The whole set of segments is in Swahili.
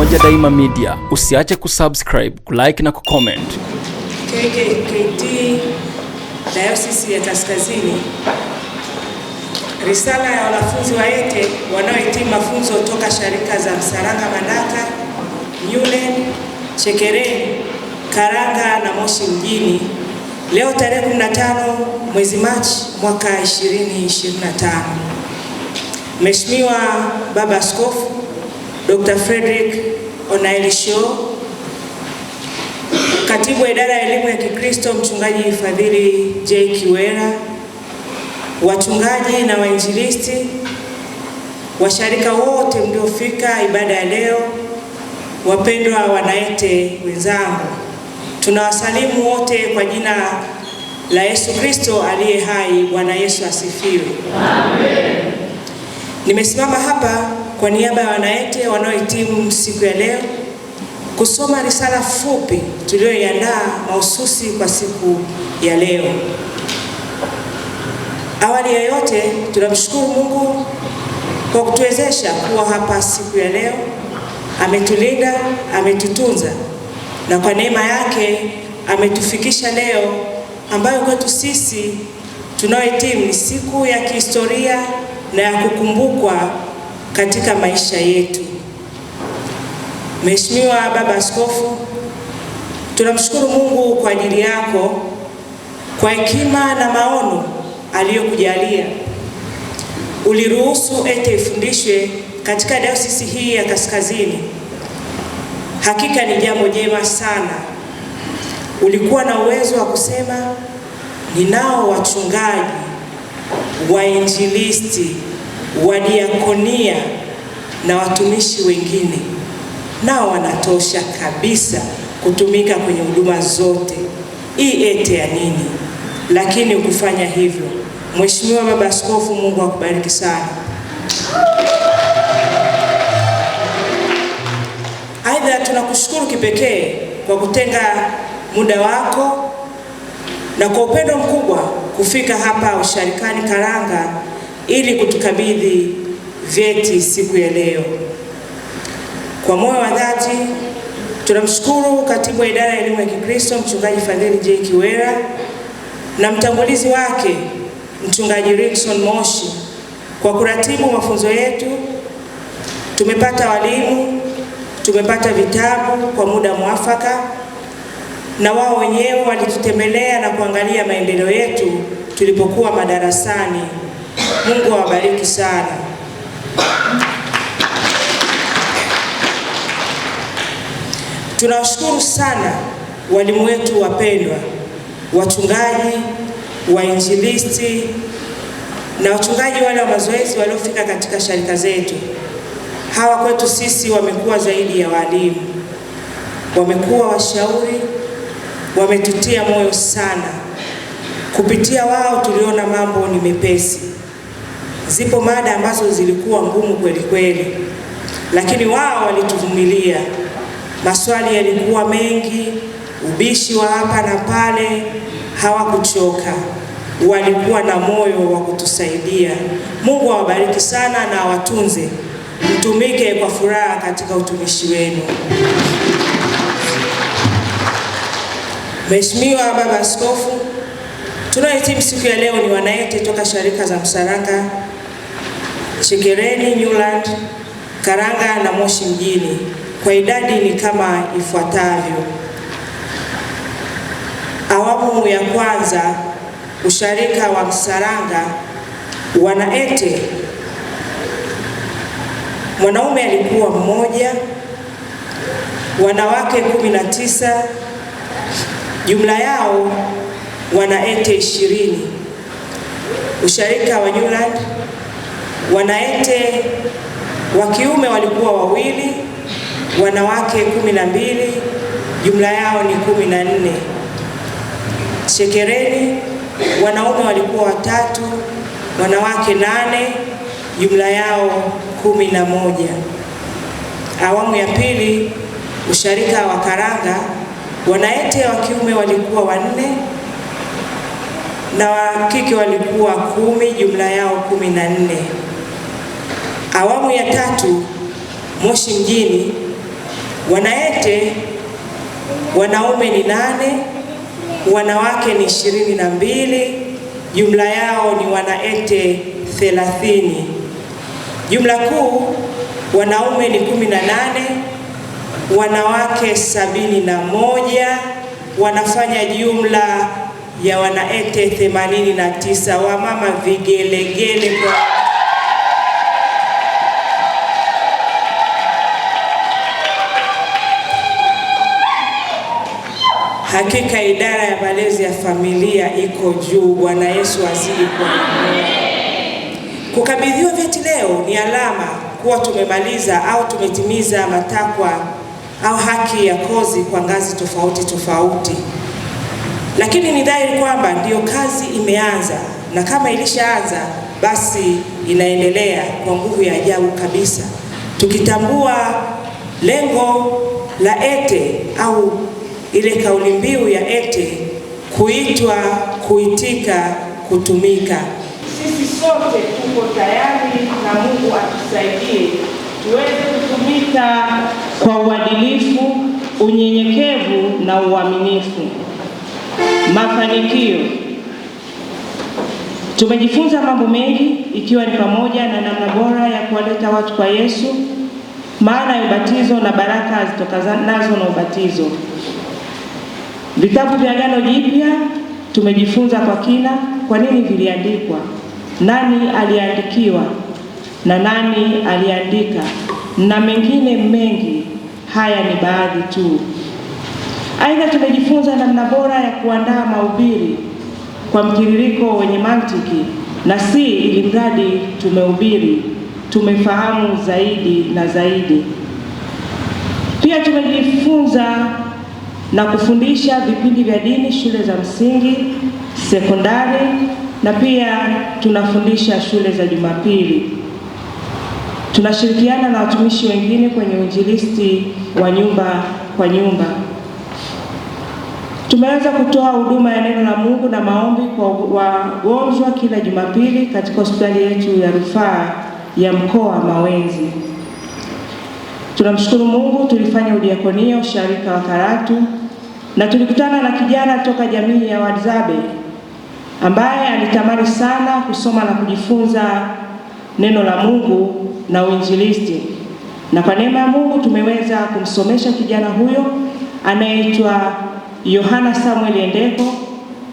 pamoja Daima Media. Usiache kusubscribe, kulike na kucomment. KKKT Dayosisi ya Kaskazini, risala ya wanafunzi wa ETE wanaohitimu mafunzo toka sharika za Msaranga, Mandaka, Nyule, Chekereni, Karanga na Moshi mjini leo tarehe 15 mwezi Machi mwaka 2025. Mheshimiwa Baba Askofu Dr. Frederick Onailisho, katibu wa idara ya elimu ya Kikristo mchungaji Fadhili J. Kiwera, wachungaji na wainjilisti, washarika wote mliofika ibada ya leo, wapendwa wanaete wenzangu, tunawasalimu wote kwa jina la Yesu Kristo aliye hai. Bwana Yesu asifiwe, amen. Nimesimama hapa kwa niaba ya wanaete wanaohitimu siku ya leo kusoma risala fupi tuliyoiandaa mahususi kwa siku ya leo. Awali ya yote, tunamshukuru Mungu kwa kutuwezesha kuwa hapa siku ya leo. Ametulinda, ametutunza na kwa neema yake ametufikisha leo, ambayo kwetu sisi tunaohitimu ni siku ya kihistoria na ya kukumbukwa katika maisha yetu. Mheshimiwa Baba Askofu, tunamshukuru Mungu kwa ajili yako kwa hekima na maono aliyokujalia. Uliruhusu ete ifundishwe katika dayosisi hii ya Kaskazini. Hakika ni jambo jema sana. Ulikuwa na uwezo wa kusema ninao wachungaji wainjilisti wadiakonia na watumishi wengine nao wanatosha kabisa kutumika kwenye huduma zote, hii ete ya nini? Lakini ukifanya hivyo, Mheshimiwa Baba Askofu, Mungu akubariki sana. Aidha, tunakushukuru kipekee kwa kutenga muda wako na kwa upendo mkubwa kufika hapa usharikani Karanga ili kutukabidhi vyeti siku ya leo. Kwa moyo wa dhati tunamshukuru katibu wa idara ya elimu ya Kikristo Mchungaji Fadhili J. Kiwera na mtangulizi wake Mchungaji Rickson Moshi kwa kuratibu mafunzo yetu. Tumepata walimu, tumepata vitabu kwa muda mwafaka, na wao wenyewe walitutembelea na kuangalia maendeleo yetu tulipokuwa madarasani. Mungu awabariki sana. Tunawashukuru sana walimu wetu wapendwa, wachungaji, wainjilisti na wachungaji wale wa mazoezi waliofika katika sharika zetu. Hawa kwetu sisi wamekuwa zaidi ya walimu, wamekuwa washauri, wametutia moyo sana. Kupitia wao tuliona mambo ni mepesi. Zipo mada ambazo zilikuwa ngumu kweli kweli, lakini wao walituvumilia. Maswali yalikuwa mengi, ubishi wa hapa na pale, hawakuchoka walikuwa na moyo wa kutusaidia. Mungu awabariki sana na awatunze, mtumike kwa furaha katika utumishi wenu. Mheshimiwa Baba Askofu, Tunaohitimu siku ya leo ni wanaete toka sharika za Msaranga, Chekereni, Newland, Karanga na Moshi mjini. Kwa idadi ni kama ifuatavyo: awamu ya kwanza, usharika wa Msaranga, wanaete mwanaume alikuwa mmoja, wanawake kumi na tisa, jumla yao ete ishirini usharika wa Newland. Wanaete wa kiume walikuwa wawili, wanawake kumi na mbili, jumla yao ni kumi na nne. Shekereni wanaume walikuwa watatu, wanawake nane, jumla yao kumi na moja. Awamu ya pili usharika wa Karanga wanaete wa kiume walikuwa wanne na wakike walikuwa kumi, jumla yao kumi na nne. Awamu ya tatu Moshi mjini, wanaete wanaume ni nane, wanawake ni ishirini na mbili, jumla yao ni wanaete thelathini. Jumla kuu wanaume ni kumi na nane, wanawake sabini na moja, wanafanya jumla ya wanaete 89 wa mama vigelegele kwa Hakika idara ya malezi ya familia iko juu. Bwana Yesu azidi kwa kukabidhiwa vyeti leo ni alama kuwa tumemaliza au tumetimiza matakwa au haki ya kozi kwa ngazi tofauti tofauti lakini ni dhahiri kwamba ndiyo kazi imeanza, na kama ilishaanza basi inaendelea kwa nguvu ya ajabu kabisa, tukitambua lengo la ETE au ile kauli mbiu ya ETE kuitwa, kuitika, kutumika. Sisi sote tuko tayari na Mungu atusaidie tuweze kutumika kwa uadilifu, unyenyekevu na uaminifu. Mafanikio, tumejifunza mambo mengi ikiwa ni pamoja na namna bora ya kuwaleta watu kwa Yesu, maana ya ubatizo na baraka zitokanazo na ubatizo. Vitabu vya Agano Jipya tumejifunza kwa kina, kwa nini viliandikwa, nani aliandikiwa na nani aliandika, na mengine mengi. Haya ni baadhi tu. Aidha, tumejifunza namna bora ya kuandaa mahubiri kwa mtiririko wenye mantiki na si ili mradi tumehubiri, tumefahamu zaidi na zaidi. Pia tumejifunza na kufundisha vipindi vya dini shule za msingi, sekondari na pia tunafundisha shule za Jumapili. Tunashirikiana na watumishi wengine kwenye uinjilisti wa nyumba kwa nyumba. Tumeanza kutoa huduma ya neno la Mungu na maombi kwa wagonjwa kila Jumapili katika hospitali yetu ya rufaa ya mkoa Mawenzi. Tunamshukuru Mungu, tulifanya udiakonia usharika wa Karatu na tulikutana na kijana toka jamii ya Wadzabe ambaye alitamani sana kusoma na kujifunza neno la Mungu na uinjilisti, na kwa neema ya Mungu tumeweza kumsomesha kijana huyo anayeitwa Yohana Samuel Endeko,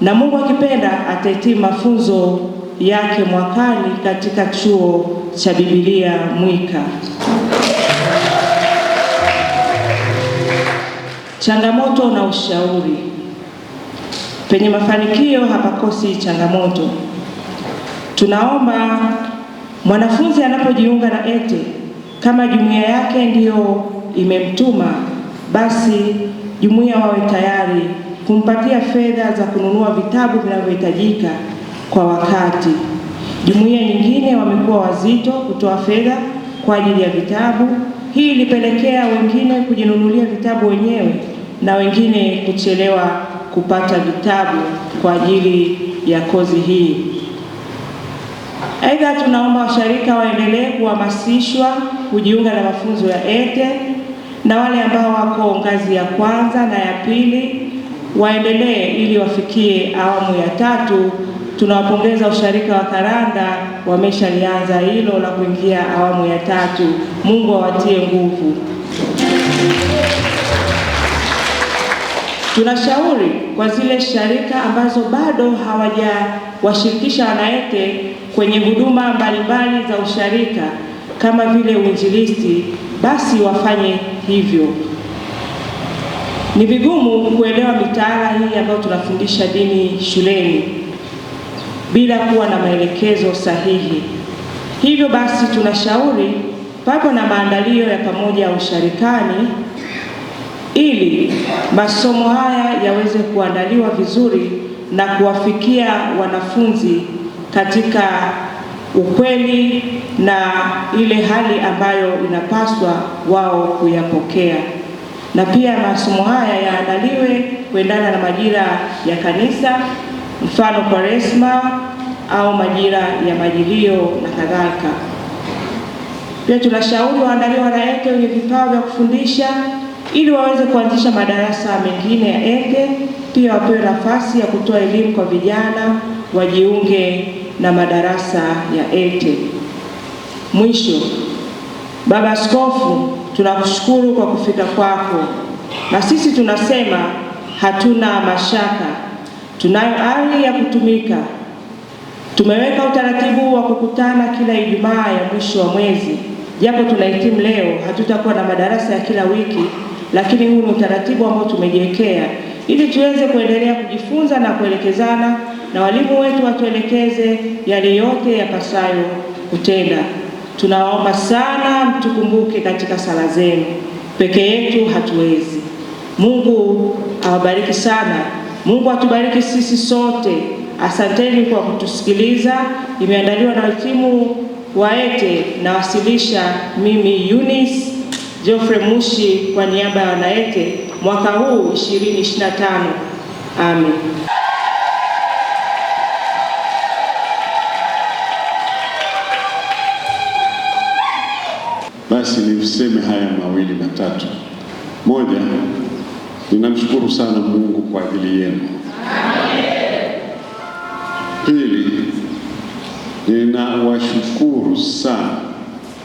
na Mungu akipenda atahitimu mafunzo yake mwakani katika chuo cha Biblia Mwika. Changamoto na ushauri. Penye mafanikio hapakosi changamoto. Tunaomba mwanafunzi anapojiunga na ETE kama jumuiya yake ndiyo imemtuma basi jumuiya wawe tayari kumpatia fedha za kununua vitabu vinavyohitajika kwa wakati. Jumuiya nyingine wamekuwa wazito kutoa fedha kwa ajili ya vitabu. Hii ilipelekea wengine kujinunulia vitabu wenyewe na wengine kuchelewa kupata vitabu kwa ajili ya kozi hii. Aidha, tunaomba washirika waendelee kuhamasishwa kujiunga na mafunzo ya ETE na wale ambao wako ngazi ya kwanza na ya pili waendelee ili wafikie awamu ya tatu. Tunawapongeza usharika wa Karanda, wameshalianza hilo la kuingia awamu ya tatu. Mungu awatie nguvu. Tunashauri kwa zile sharika ambazo bado hawajawashirikisha wanaete kwenye huduma mbalimbali za usharika kama vile uinjilisti, basi wafanye hivyo. Ni vigumu kuelewa mitaala hii ambayo tunafundisha dini shuleni bila kuwa na maelekezo sahihi. Hivyo basi, tunashauri papo na maandalio ya pamoja ya usharikani ili masomo haya yaweze kuandaliwa vizuri na kuwafikia wanafunzi katika ukweli na ile hali ambayo inapaswa wao kuyapokea, na pia masomo haya yaandaliwe kuendana na majira ya kanisa, mfano Kwaresma au majira ya majilio na kadhalika. Pia tunashauri waandaliwe wanaENGE wenye vipawa vya kufundisha ili waweze kuanzisha madarasa mengine ya ENGE. Pia wapewe nafasi ya kutoa elimu kwa vijana, wajiunge na madarasa ya ETE. Mwisho, Baba Askofu, tunakushukuru kwa kufika kwako, na sisi tunasema hatuna mashaka, tunayo ari ya kutumika. Tumeweka utaratibu wa kukutana kila Ijumaa ya mwisho wa mwezi. Japo tunahitimu leo, hatutakuwa na madarasa ya kila wiki, lakini huu ni utaratibu ambao tumejiwekea ili tuweze kuendelea kujifunza na kuelekezana na walimu wetu watuelekeze yale yote yapasayo kutenda. Tunawaomba sana mtukumbuke katika sala zenu, peke yetu hatuwezi. Mungu awabariki sana. Mungu atubariki sisi sote. Asanteni kwa kutusikiliza. Imeandaliwa na wahitimu waete na wasilisha mimi Eunice Geoffrey Mushi kwa niaba ya wanaete mwaka huu 2025. Amen. ni niseme haya mawili matatu. Moja, ninamshukuru sana Mungu kwa ajili yenu. Pili, ninawashukuru sana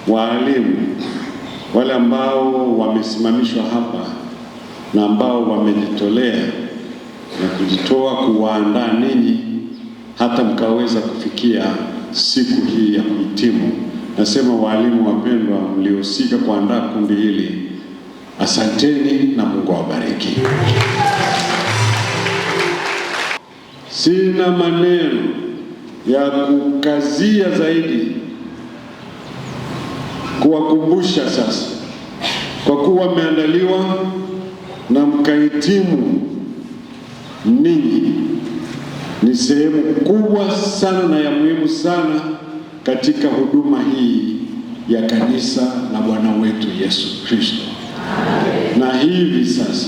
waalimu wale ambao wamesimamishwa hapa na ambao wamejitolea na kujitoa kuwaandaa ninyi hata mkaweza kufikia siku hii ya kuhitimu Nasema walimu wapendwa, mliohusika kuandaa kundi hili, asanteni na Mungu awabariki. Sina maneno ya kukazia zaidi kuwakumbusha sasa, kwa kuwa mmeandaliwa na mkahitimu ninyi, ni sehemu kubwa sana na ya muhimu sana katika huduma hii ya kanisa la Bwana wetu Yesu Kristo. Na hivi sasa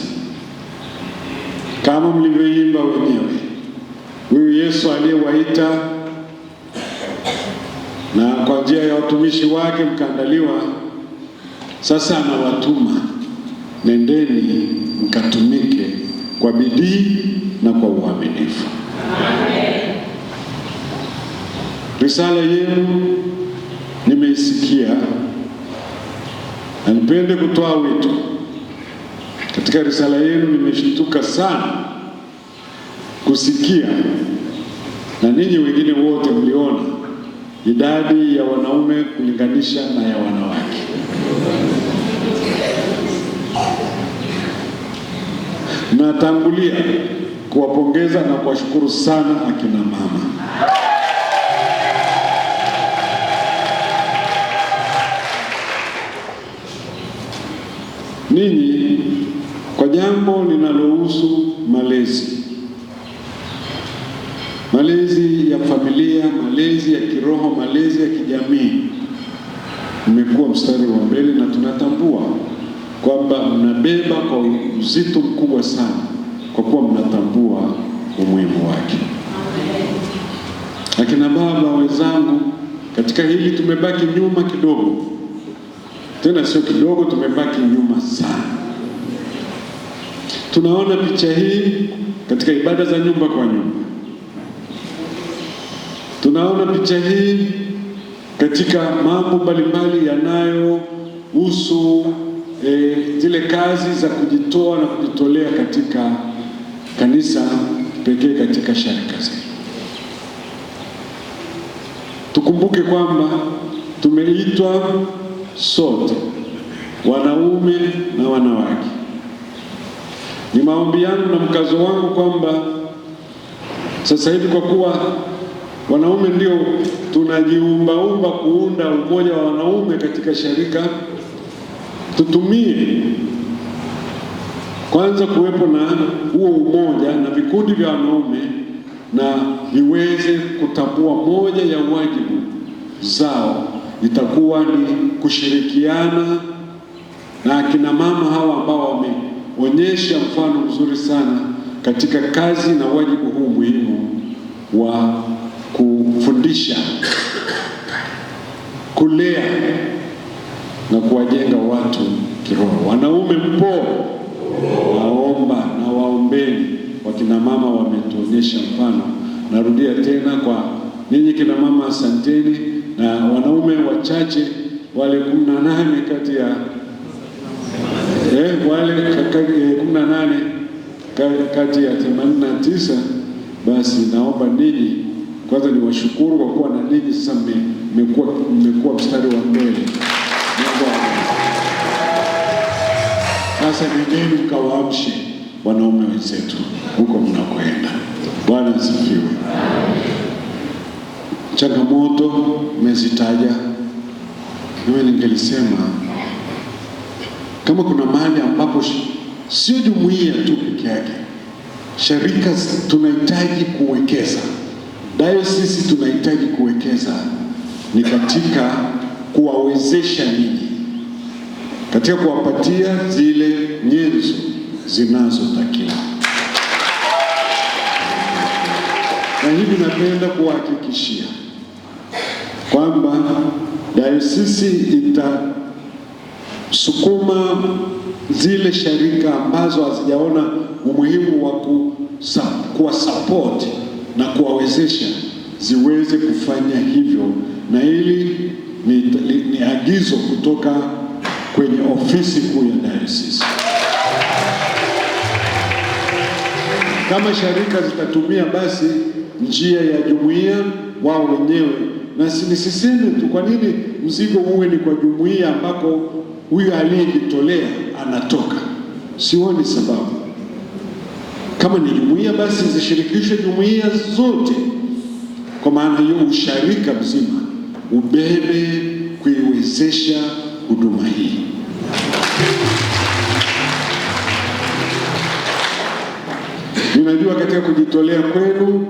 kama mlivyoimba wenyewe, huyu Yesu aliyewaita na kwa njia ya watumishi wake mkaandaliwa, sasa anawatuma, nendeni mkatumike kwa bidii na kwa uaminifu. Risala yenu nimeisikia na nipende kutoa wito. Katika risala yenu nimeshtuka sana kusikia, na ninyi wengine wote mliona, idadi ya wanaume kulinganisha na ya wanawake. Natangulia kuwapongeza na kuwashukuru sana akina mama ninyi kwa jambo linalohusu malezi, malezi ya familia, malezi ya kiroho, malezi ya kijamii. Mmekuwa mstari wa mbele na tunatambua kwamba mnabeba kwa uzito mkubwa sana, kwa kuwa mnatambua umuhimu wake. Akina baba wenzangu, katika hili tumebaki nyuma kidogo tena sio kidogo, tumebaki nyuma sana. Tunaona picha hii katika ibada za nyumba kwa nyumba, tunaona picha hii katika mambo mbalimbali yanayohusu e, zile kazi za kujitoa na kujitolea katika kanisa, pekee katika sharika zetu. Tukumbuke kwamba tumeitwa sote, wanaume na wanawake. Ni maombi yangu na mkazo wangu kwamba sasa hivi kwa kuwa wanaume ndio tunajiumbaumba kuunda umoja wa wanaume katika sharika, tutumie kwanza kuwepo na huo umoja na vikundi vya wanaume na viweze kutambua moja ya wajibu zao itakuwa ni kushirikiana na akina mama hawa ambao wameonyesha mfano mzuri sana katika kazi na wajibu huu muhimu wa kufundisha, kulea na kuwajenga watu kiroho. Wanaume mpo, naomba na waombeni. Wakina mama wametuonyesha mfano. Narudia tena kwa ninyi kina mama, asanteni na wanaume wachache wale kumi na nane kati ya eh, wale kumi na nane kati ya themanini na tisa. Basi naomba ninyi kwanza niwashukuru kwa kuwa na ninyi sasa mmekuwa mmekuwa mstari wa mbele. Sasa nendeni mkawaamshe wanaume wenzetu huko mnakoenda. Bwana asifiwe. Changamoto mezitaja nami ningelisema kama kuna mahali ambapo sio jumuiya tu peke yake, sharika tunahitaji kuwekeza, dayosisi tunahitaji kuwekeza, ni katika kuwawezesha ninyi, katika kuwapatia zile nyenzo zinazotakiwa na hivi napenda kuwahakikishia kwamba dayosisi itasukuma zile sharika ambazo hazijaona umuhimu wa kuwasapoti na kuwawezesha ziweze kufanya hivyo, na hili ni, ni, ni agizo kutoka kwenye ofisi kuu ya dayosisi. Kama sharika zitatumia basi njia ya jumuiya wao wenyewe na nisiseme tu. Kwa nini mzigo uwe ni kwa jumuiya ambako huyo aliyejitolea anatoka? Sioni sababu. Kama ni jumuiya, basi zishirikishe jumuiya zote, kwa maana hiyo usharika mzima ubebe kuiwezesha huduma hii. Ninajua katika kujitolea kwenu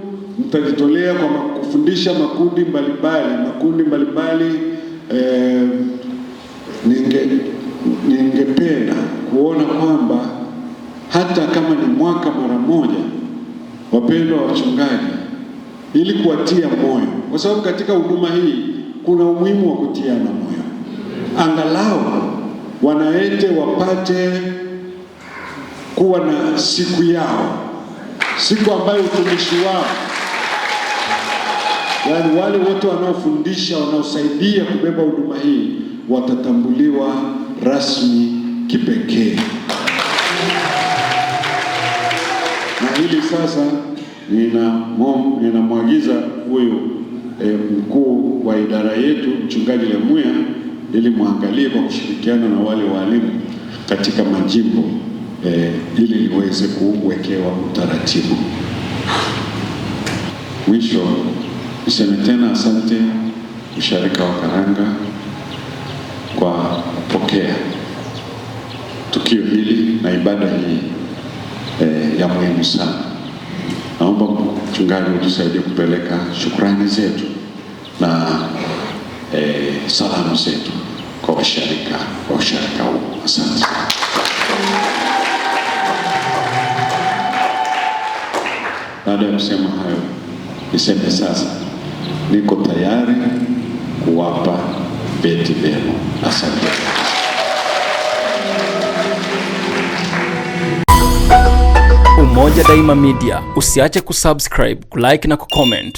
tutajitolea kwa kufundisha makundi mbalimbali makundi mbalimbali eh, ninge ningependa kuona kwamba hata kama ni mwaka mara moja, wapendwa wachungaji, ili kuwatia moyo, kwa sababu katika huduma hii kuna umuhimu wa kutiana moyo, angalau wanaete wapate kuwa na siku yao, siku ambayo utumishi wao yaani wale wote wanaofundisha, wanaosaidia kubeba huduma hii watatambuliwa rasmi kipekee. Na hili sasa ninamwagiza huyu e, mkuu wa idara yetu Mchungaji Lemuya ili mwangalie kwa kushirikiana na wale walimu katika majimbo e, ili liweze kuwekewa utaratibu mwisho Niseme tena asante usharika wa Karanga kwa kupokea tukio hili na ibada hii eh, ya muhimu sana. Naomba mchungaji utusaidie kupeleka shukrani zetu na eh, salamu zetu kwa washarika wa usharika huu. Asante. Baada ya kusema hayo, niseme sasa niko tayari kuwapa vyeti vyema. Asante. Umoja Daima Media, usiache kusubscribe, kulike na kucomment.